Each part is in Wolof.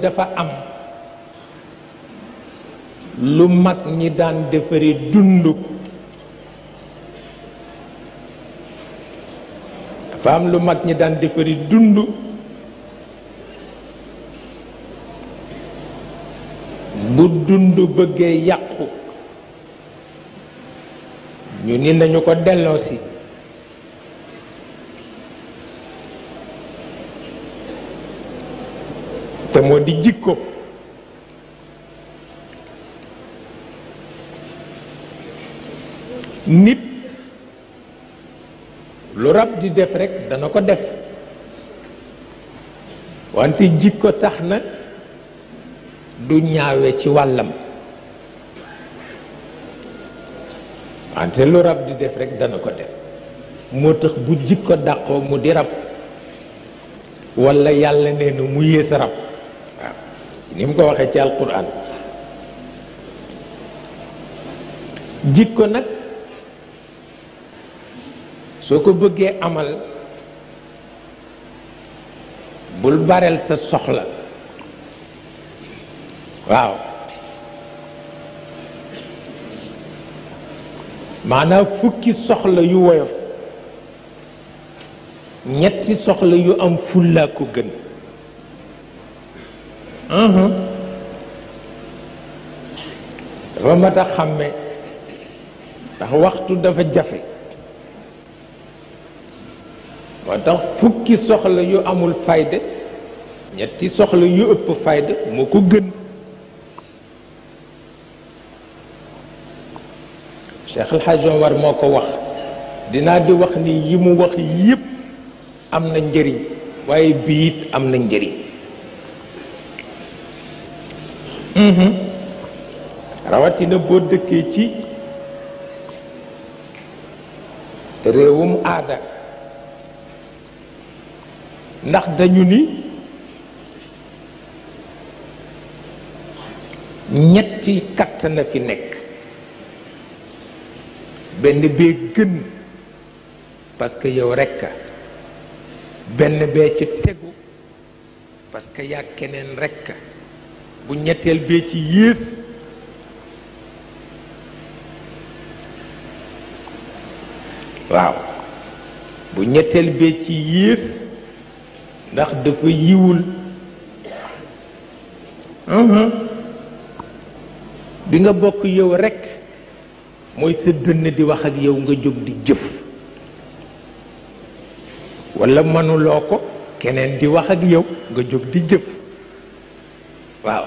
dafa am lu mag ñi daan am lu mag ñi daan defari dund bu dund bëggee yàqu ñu ni nañu ko delloosi moo di jikko nit lu rab di def rekk dana ko def wante jikko tax na du ñaawe ci wàllam wante lu rab di def rekk dana ko def moo tax bu jikko dàqoo mu di rab walla yàlla nee na mu yées rab ci ni mu ko waxee ci alquran ko nag soo ko bëggee amal bul bareel sa soxla waaw maanaam fukki soxla yu woyof ñetti soxla yu am fullaa ko gën Mm-hmm. dafa mat a xàmme ndax waxtu dafa jafe moo tax fukki soxla yu amul fayde ñetti soxla yu ëpp fayda moo ko gën Cheikh El Hadj moo ko wax dinaa di wax ni yi mu wax yépp am na njëriñ waaye bii it am na njëriñ Mm-hmm. rawatina boo dëkkee ci réewum aada ndax dañu ni ñetti kàttan a fi nekk benn bee gën parce que yow rekk benn bee ci tegu parce que yaa keneen rekk bu ñetteel bee ci yées waaw bu ñetteel bee ci yées ndax dafa yiwul mhm. bi nga bokk yow rekk mooy sa dënn di wax ak yow nga jóg di jëf walla mënuloo ko keneen di wax ak yow nga jóg di jëf waaw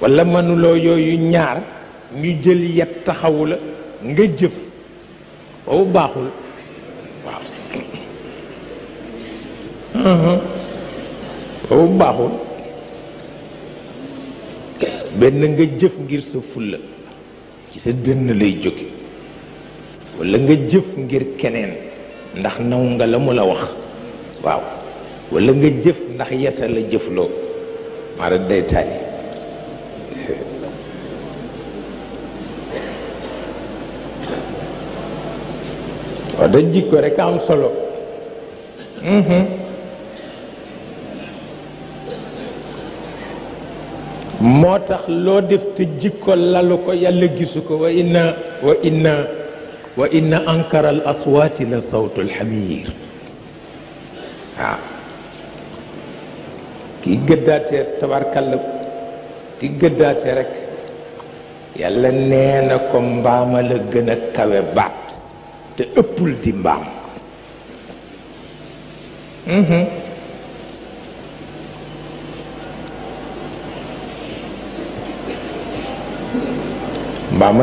walla mënuloo yooyu ñaar ñu jël yet taxawu la nga jëf boobu baaxul uh-huh. baaxul benn nga jëf ngir sa fulla ci sa dënn lay jóge walla nga jëf ngir keneen ndax naw nga la mu la wax waaw walla nga jëf ndax yeta la jëfloo ማለት ዴታይ waaw da jikko rek am solo moo tax loo def te jikko lalu ko yàlla gisu ko wa inna wa inna wa inna ankara al aswaati la sawtu alxamir waaw kii gëddaatee tabarkalla di gëddaate rekk yàlla nee na ko mbaama la a kawe ëppul di mhm.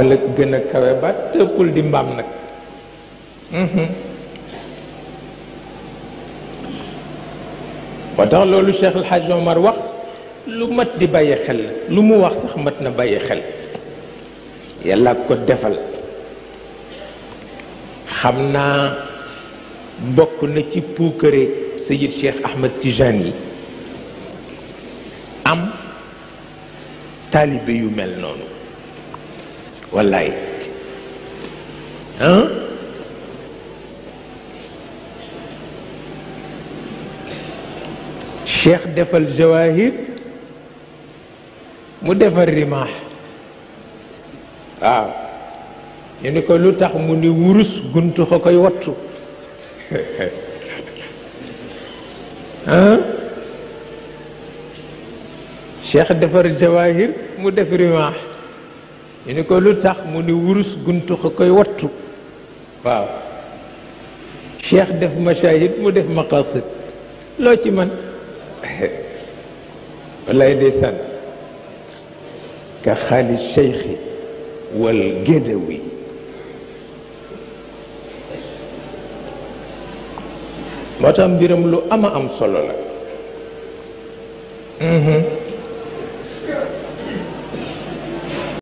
la gën a kawe baat te ëppul di mbaam nag mhm. moo tax loolu Cheikh El Hadj Omar wax lu mat di bàyyi xel la lu mu wax sax mat na bàyyi xel yàlla ko defal xam naa bokk na ci puukare Sayid Cheikh Ahmed Tijaan yi am taalibe yu mel noonu wallaay ah cheikh defal jawahir mu defal rimaax waaw ñu ni ko lu tax mu ni wurus guntu ko koy wattu ah cheikh defar jawahir mu def rimaax ñu ni ko lu tax mu ni wurus guntu ko koy wattu waaw cheikh def mashahid mu def maqasid loo ci man wallaay ndeysaan ka xaalis cheikhi wal gédawi moo tax mbiram lu ama am solo la mm-hmm.